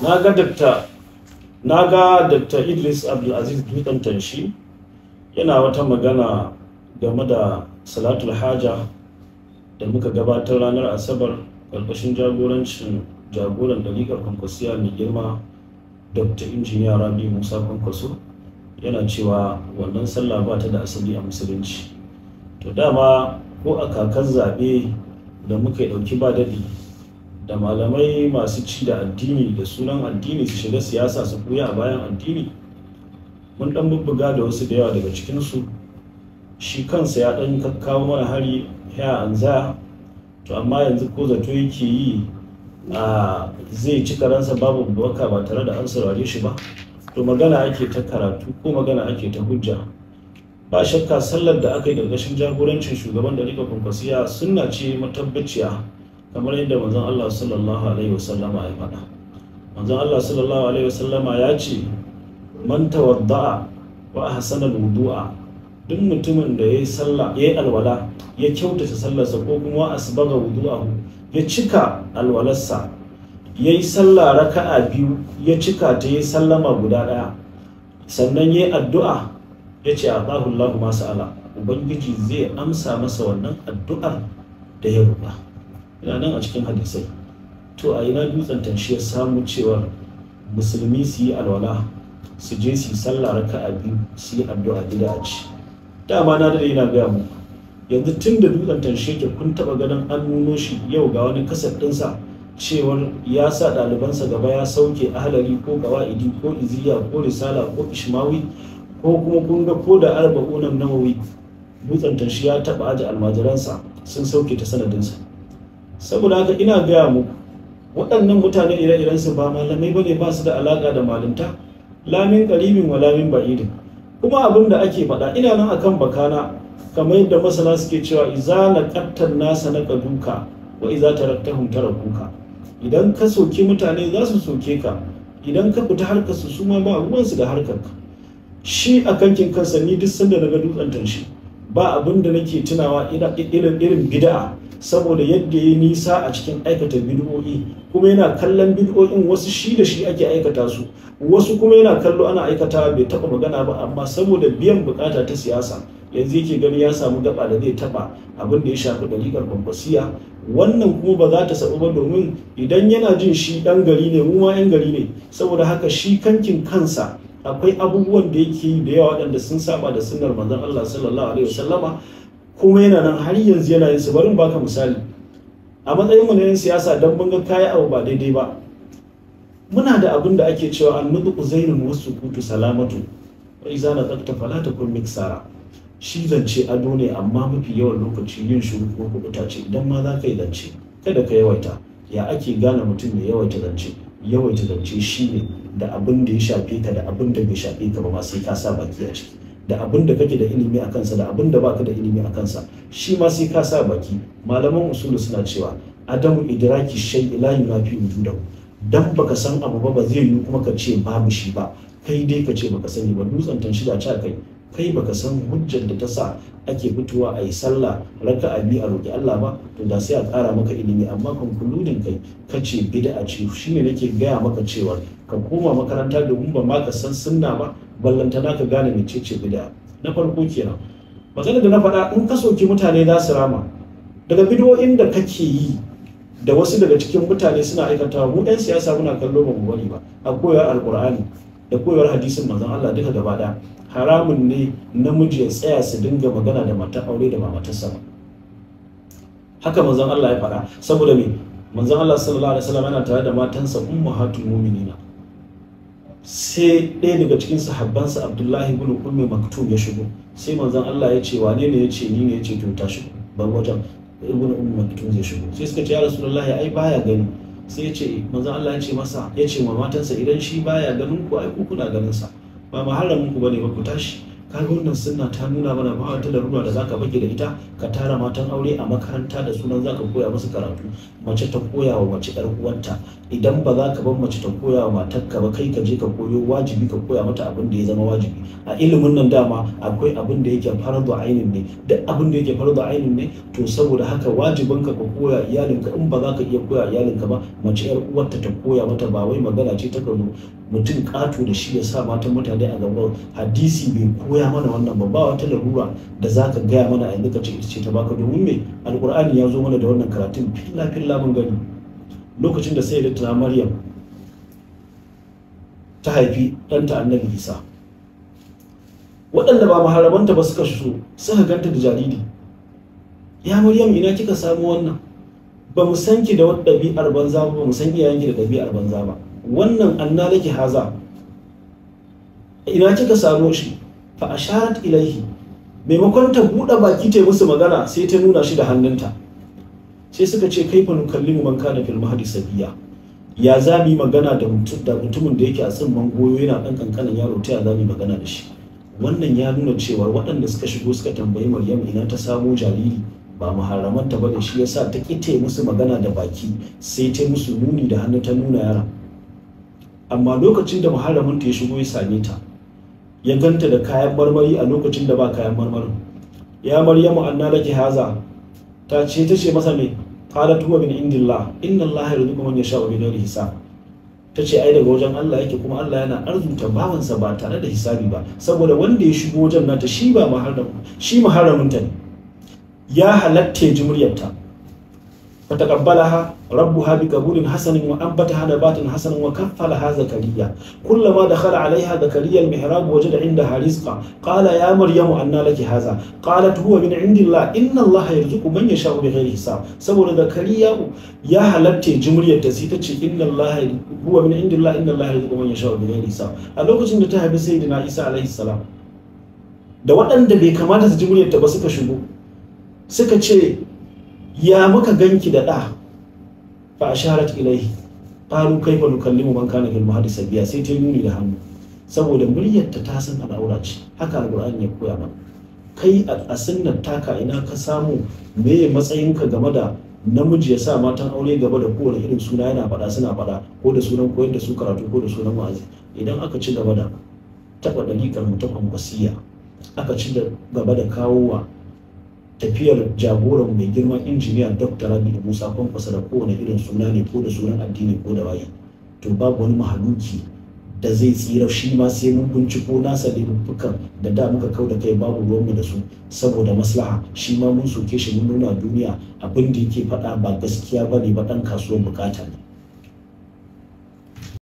na ga dr. idris abdulaziz dutsen shi yana wata magana game da salatul haja da muka gabatar ranar asabar ƙarƙashin jagorancin jagoran ɗariƙar kwankwasiya mai girma dr injiniya rabi musa kwankwaso yana cewa wannan sallah ba ta da asali a musulunci to dama ko a kakan zaɓe da muka ɗauki ba daɗi da malamai masu ci da addini da sunan addini su shiga siyasa su kuya a bayan addini mun dan bubbuga da wasu da yawa daga cikinsu shi kansa ya dan kakkawo mana hari ya anza to amma yanzu ko zato yake yi a zai ci karansa babu baka ba tare da an saurare shi ba to magana ake ta karatu ko magana ake ta hujja ba shakka sallar da aka yi ƙarƙashin jagorancin shugaban da rika kwankwasiya sunna ce matabbaciya kamar yadda manzon Allah sallallahu alaihi wasallama ya faɗa manzon Allah sallallahu alaihi wasallama ya ce man tawadda'a wa ahsana wudu'a duk mutumin da yayi sallah yayi alwala ya kyautata sallarsa ko kuma asbaga wudu'a ya cika alwalarsa yayi sallah raka'a biyu ya cika ta yayi sallama guda daya sannan yayi addu'a ya ce atahu Allahu ma sa'ala ubangiji zai amsa masa wannan addu'ar da ya rubuta yana nan a cikin hadisai to a ina dutsen tanshi ya samu cewa musulmi su yi alwala su je su yi sallah raka a biyu su yi addu'a gida a ci dama na da yana gaya mu yanzu tun da dutsen tanshi ta kun taba ganin an nuno shi yau ga wani kasar ɗinsa cewar ya sa ɗalibansa gaba ya sauke ahalari ko idi ko iziya ko risala ko ishmawi ko kuma kun ko da arba'unan nawawi dutsen tanshi ya taba aji almajiransa sun sauke ta sanadinsa saboda haka ina gaya muku waɗannan mutane ire iren su ba malamai bane ba su da alaƙa da malinta lamin ƙaribin wa lamin ba'idin kuma abin da ake faɗa ina nan akan bakana kamar yadda masana suke cewa iza na kattan nasa na kaduka wa iza taraktahum tarakuka idan ka soke mutane za su soke ka idan ka fita harkar su su ma ba ruwan su da harkar ka shi a kankin kansa ni duk sanda na ga dutsen tanshi ba abin da nake tunawa irin bida'a saboda yadda ya nisa a cikin aikata bid'o'i kuma yana kallon bid'o'in wasu shi da shi ake aikata su wasu kuma yana kallo ana aikata bai taɓa magana ba amma saboda biyan bukata ta siyasa yanzu yake gani ya samu gaba da zai taɓa abin da ya shafi dalilar bambasiya wannan kuma ba za ta sabu ba domin idan yana jin shi ɗan gari ne mu ma yan gari ne saboda haka shi kankin kansa akwai abubuwan da yake da yawa waɗanda sun saba da sunnar manzon Allah sallallahu alaihi wasallama kuma yana nan har yanzu yana yin su barin baka misali a matsayin mu na yin siyasa dan mun ga kaya abu ba daidai ba muna da abin da ake cewa an annudu uzainun wasu kutu salamatu wa iza na tsakta falata kun miksara shi zance ado ne amma mafi yawan lokaci yin shiru ko kubuta ce idan ma za ka yi zance kada ka yawaita ya ake gane mutum mai yawaita zance yawaita zance shi ne da abin da ya shafe ka da abin da bai shafe ka ba sai ka sa baki a ciki da abin da kake da ilimi a kansa da abin da baka da ilimi a kansa shi ma sai ka sa baki malaman usulu suna cewa adamu idraki shay la yunafi wujudahu dan baka san abu ba ba zai yi kuma ka ce babu shi ba kai dai ka ce baka sani ba dutsen tan da ca kai kai baka san hujjar da ta sa ake fitowa a yi sallah a biyu a roƙi Allah ba to da sai a ƙara maka ilimi amma kan concluding kai kace bid'a ce shine nake gaya maka cewa ka koma makaranta domin ba ma ka san sunna ba ballantana ka gane ce bid'a na farko kenan maganar da na faɗa in ka soki mutane za su rama daga bidiyoyin da kake yi da wasu daga cikin mutane suna aikata mu ɗan siyasa muna kallo ba mu bari ba a koyar alƙur'ani da koyar hadisin manzon Allah duka gaba ɗaya haramun ne namiji ya tsaya su dinga magana da mata aure da mamatarsa ba haka manzon Allah ya faɗa saboda me manzon Allah sallallahu alaihi wasallam yana tare da matansa ummahatul mu'minina sai ɗaya daga cikin sahabbansa Abdullahi ibn Ummi Maktum ya shigo sai manzon Allah ya ce wane ne ya ce ni ne ya ce to ta shigo ban wajen ibn Ummi Maktum zai shigo sai suka ce ya Rasulullahi ai baya gani sai ya ce manzon Allah ya ce masa ya ce wa matansa idan shi baya ganin ku ai ku kuna ganin sa ba maharar muku bane ba ku tashi kaga wannan sunna ta nuna mana ba wata ruwa da zaka bage da ita ka tara matan aure a makaranta da sunan zaka koya musu karatu mace ta koya wa mace ɗar uwarta idan ba za ka bar mace ta koya wa matarka ba kai ka je ka koyo wajibi ka koya mata abin da ya zama wajibi a ilimin nan dama akwai abin da yake farzu ainin ne duk abin da yake farzu ainin ne to saboda haka wajibin ka ka koya iyalinka in ba za ka iya koya iyalinka ba mace yar uwarta ta koya mata ba wai magana ce ta gano mutum ƙato da shi ya sa matan mutane a gaban hadisi bai koya mana wannan ba ba wata larura da za ka gaya mana a yanzu ka ce ita ce ta baka domin me alƙur'ani ya zo mana da wannan karatun filla filla mun gani lokacin da sai da maryam ta haifi ɗanta annabi isa waɗanda ba maharabanta ba suka so suka ganta da jariri ya maryam ina kika samu wannan ba mu san ki da wata ɗabi'ar banza ba ba mu san iyayenki da ɗabi'ar banza ba wannan anna laki haza ina kika samu shi fa asharat ilaihi maimakon ta buɗe baki ta musu magana sai ta nuna shi da hannunta sai suka ce kai fa nukallimu man kana fil mahdi sabiya ya za magana da mutumin da yake a tsimman goyo yana ɗan kankanin yaro ta ya za magana da shi wannan ya nuna cewa waɗanda suka shigo suka tambayi Maryam ina ta samo jariri ba muharramanta ba da shi yasa ta ƙi musu magana da baki sai ta musu nuni da hannu ta nuna yaron amma lokacin da muharramin ta ya shigo ya same ta ya ganta da kayan marmari a lokacin da ba kayan marmarin ya maryamu anna laki haza ta ce ta ce masa ne. qala huwa min indillah inna allaha yarzuqu man yasha'u bi ghairi hisab ta ce ai daga wajen Allah yake kuma Allah yana arzuta bawansa ba tare da hisabi ba saboda wanda ya shigo wajen nata shi ba muharramin shi muharramin ta ne ya halatta ya ji muryarta فتقبلها ربها بقبول حسن وأنبتها نباتا حسنا وكفلها زكريا كلما دخل عليها زكريا المحراب وجد عندها رزقا قال يا مريم أن لك هذا قالت هو من عند الله إن الله يرزق من يشاء بغير حساب سبب زكريا يا هلبت جمرية تسيتك إن الله هو من عند الله إن الله يرزق من يشاء بغير حساب ألوكش جندتها بسيدنا عيسى عليه السلام da waɗanda bai kamata su ji muryarta ba suka shigo suka ce ya muka ganki da ɗa fa asharat ilaihi qalu kaifa nukallimu man kana fil mahdi sabiya sai ta nuni da hannu saboda muryarta ta san al'aura ce haka alqur'ani ya koya mana kai a sunnar taka ina ka samu me matsayinka game da namiji ya sa matan aure gaba da kowane irin suna yana faɗa suna faɗa ko da sunan koyar da su karatu ko da sunan wa'azi idan aka ci gaba da taɓa ɗaliƙar mutum an wasiya aka ci gaba da kawo wa tafiyar jagoran mai girma injiniya dr rabi musa kwankwasa da kowane irin suna ne ko da sunan addini ko da waye to babu wani mahaluki da zai tsira shi ma sai mun binciko nasa da laifuffukan da da muka kau da kai babu ruwanmu da su saboda maslaha shi ma mun soke shi mun nuna duniya abin da yake faɗa ba gaskiya ba ne ba ɗan kasuwar bukata ne